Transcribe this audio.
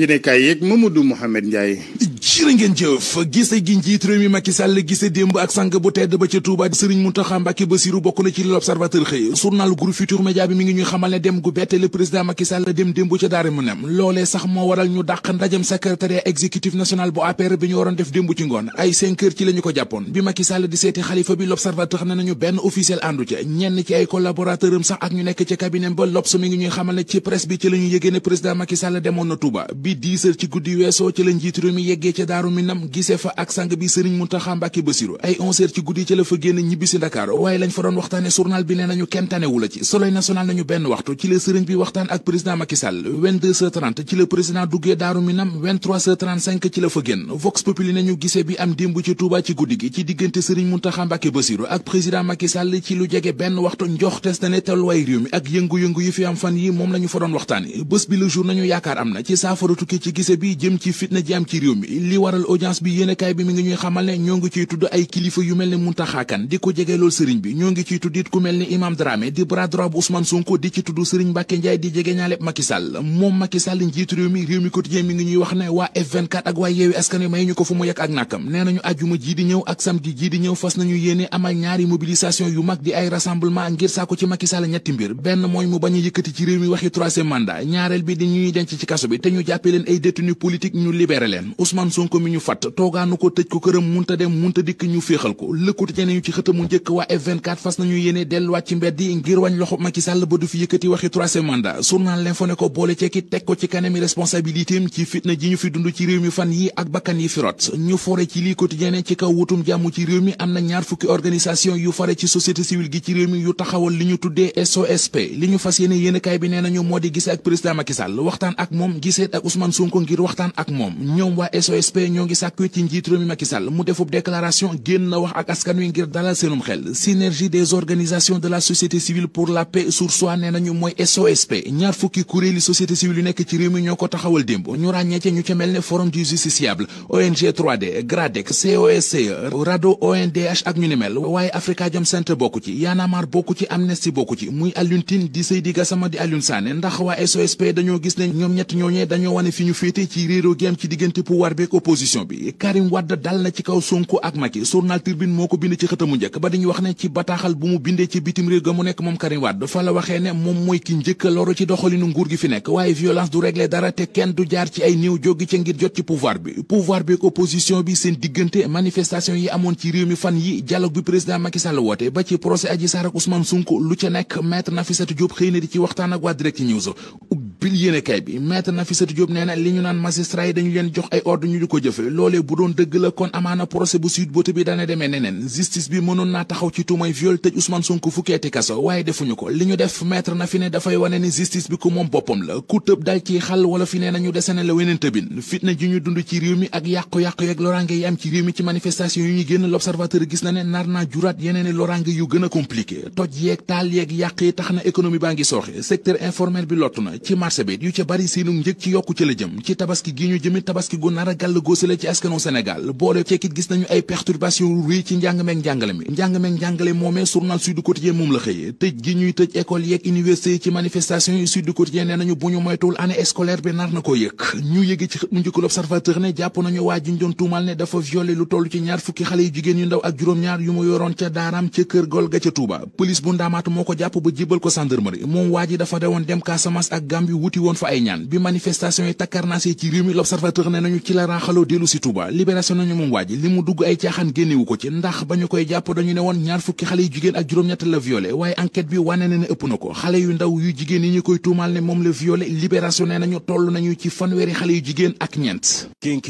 yéene kaay yeeg Mamadou Mouhamed Ndiaye jërë ngeen jëf bu tedd ba ca Touba Serigne Mountakha Mbacké Bassirou bokk na ci l'Observateur xëy journal groupe Futurs Médias bi mi ngi ñuy xamal ko jàppoon bi Macky Sall di seeti xalifa bi l'Observateur ne nañu benn officiel àndu ca ñenn ci ay collaborateur sax ak ñu nekk ca cabinet ba l'Obs mi ngi ñuy xamal ne ci presse bi ci la ñu ne président Macky Sall demoon na Touba bi dix ci guddi weesoo ci la njiit mi yeggee jógee daaru minam gisee fa ak sang bi sëriñ Muntaxa Mbàkke Basiru ay 11h ci guddi ci la fa génn si Dakar waaye lañ fa doon waxtaane journal bi nee nañu kenn tanewu la ci soleil national nañu benn waxtu ci la ak président Macky Sall 22h30 ci la président duggee daaru minam 23h35 ci la fa génn vox populi nañu gisee bi am démb ci Touba ci guddi gi ci diggante sëriñ Muntaxa Mbàkke Basiru ak président Macky Sall ci lu jege benn waxtu njoxtes na ne tolluwaay réew mi ak yëngu-yëngu yi fi am fan yi moom lañu fa doon waxtaane bés bi la jour nañu yaakaar am na ci saafara tukki ci gise bi jëm ci fitna ji am ci réew mi li waral audience bi yéenekaay bi mi ngi ñuy xamal ne ñoo ngi ciy tudd ay kilifa yu mel ne Muntaxa Kan di ko jege lool sëriñ bi ñoo ngi ciy tudd it ku mel ni Imam Dramé di bras droit bu Ousmane Sonko di ci tudd sëriñ Mbàkke Njaay di jege ñaaleb Macky Sall moom Macky Sall njiitu réew mi réew mi quotidien mi ngi ñuy wax ne waa F24 ak waa Yewwi Askan Wi ñu ko fu mu yekk ak nàkkam nee nañu àjjuma ji di ñëw ak samedi ji di ñëw fas nañu yéene amal ñaari mobilisation yu mag di ay rassemblement ngir sàkku ci Macky Sall ñetti mbir benn mooy mu bañ a ci réew mi waxi troisième mandat ñaareel bi di ñuy denc ci kaso bi te ñu jàppee leen ay détenu politique ñu libéré leen Ousmane Sonko mi ñu fàtt toogaanu ko tëj ko këram munta dem munta dikk ñu féexal ko lëkkut Quotidien ñu ci xëtamu njëkk waa F24 fas nañu yéene delluwaat ci mbedd yi ngir wañ loxo Macky Sall ba du fi yëkkati waxi troisième mandat journal L'Info ne ko boole ceeki teg ko ci kanami responsabilité ci fitna ji ñu fi dund ci réew mi fan yi ak bakkan yi fi rot ñu fore ci lii Quotidien ci kaw wutum jàmm ci réew mi am na ñaar fukki organisation yu fare ci société civile gi ci réew mi yu taxawal li ñu tuddee SOSP li ñu fas yéene yéene kaay bi nee nañu moo di gise ak président Macky Sall waxtaan ak moom gisee ak Ousmane waxtaan ak moom ñoom USP ñoo ngi sàkku ci njiit réew mi Sall mu defub déclaration génn na wax ak askan wi ngir dalal seenum xel synergie des organisations de la société civile pour la paix sursoi nee nañu mooy SOSP ñaar fukki kuréeli société civile yu nekk ci réew mi ñoo ko taxawal démb ñu ràññee ci ñu ca mel ne forum du justiciable ONG 3D GRADEC COSCE RADDHO ONDH ak ñu ni mel waaye Afrikajom Center bokk ci Y bokk a marre bokku ci Amnesty bokku ci muy Alioune Tine di Seydi Gassama ndax waa SOSP dañoo gis ne ñoom ñett ñooñee dañoo wane fi ñu féete ci réeroo gi ci diggante pouvoir bi ak opposition bi Karim Wade dal na ci kaw Sonko ak Macky journal Tribune moo ko bind ci xëtamu njëkk ba dañuy wax ne ci bataaxal bu mu bindee ci bitim réew ga mu nekk moom Karim Wade fa la waxee ne moom mooy ki njëkk loru ci doxalinu nguur gi fi nekk waaye violence du régler dara te kenn du jaar ci ay néew jógi ca ngir jot ci pouvoir bi pouvoir bi ak opposition bi seen diggante manifestation yi amoon ci réew mi fan yi dialogue bi président Macky Sall woote ba ci procès Adji Sarr ak Ousmane Sonko lu ca nekk maître Nafissatou Diop xëy na di ci waxtaan ak waa Direct News ubbil yéenekaay bi maître Nafissatou Diop nee na li ñu naan magistrat dañu leen jox ay ordre ñu ko jëfe loolee bu doon dëgg la kon amaana procès bu Sweet Beauté bi dana demee neneen justice bi mënoon naa taxaw ci tuumay viol tëj Ousmane Sonko fukkeeti kaso waaye defuñu ko li ñu def maître na fi ne dafay wane ni justice bi ku moom boppam la ku tëb dal ci xal wala fi nee ñu nañu desene la weneen tëbin fitna ji ñu dund ci réew mi ak yàqu-yàqu yeeg lorange yi am ci réew mi ci manifestation yu ñu génn l'observateur gis na ne nar naa juraat yeneeni lorange yu gën a compliqué toj yeeg taal yeeg yàq yi tax na économie baa ngi sooxe secteur informel bi marché bi yu ca bari seenu njëg ci yokku ci la jëm ci tabaski gi ñu jëmit tabaski gu nar a gàll góose ci askanu Sénégal boole cekkit gis nañu ay perturbation ruy ci njàng meeg njàngale mi njàng meeg njàngale moomee journal Sud Quotidien moom la xëyee tëj gi ñuy tëj école yeeg université ci manifestation yi Sud Quotidien nee nañu bu ñu moytuwul année scolaire bi nar na ko yëg ñu yëgi ci mu njëkk l'Observateur ne jàpp nañu waa ji ñu doon tuumal ne dafa wuti woon fa ay ñaan bi manifestation yi takkarnaase ci réew mi l'observateur ne nañu ci la raaxaloo dellu si Touba libération nañu moom waa li mu dugg ay caaxaan génnewu ko ci ndax ba ñu koy jàpp dañu ne woon ñaar fukki xale yu jigéen ak juróom-ñett la violé waaye enquête bi wane na ëpp na ko xale yu ndaw yu jigéen yi ñu koy tuumaal ne moom la violé libération ne nañu toll nañu ci fanweeri xale yu jigéen ak ñeent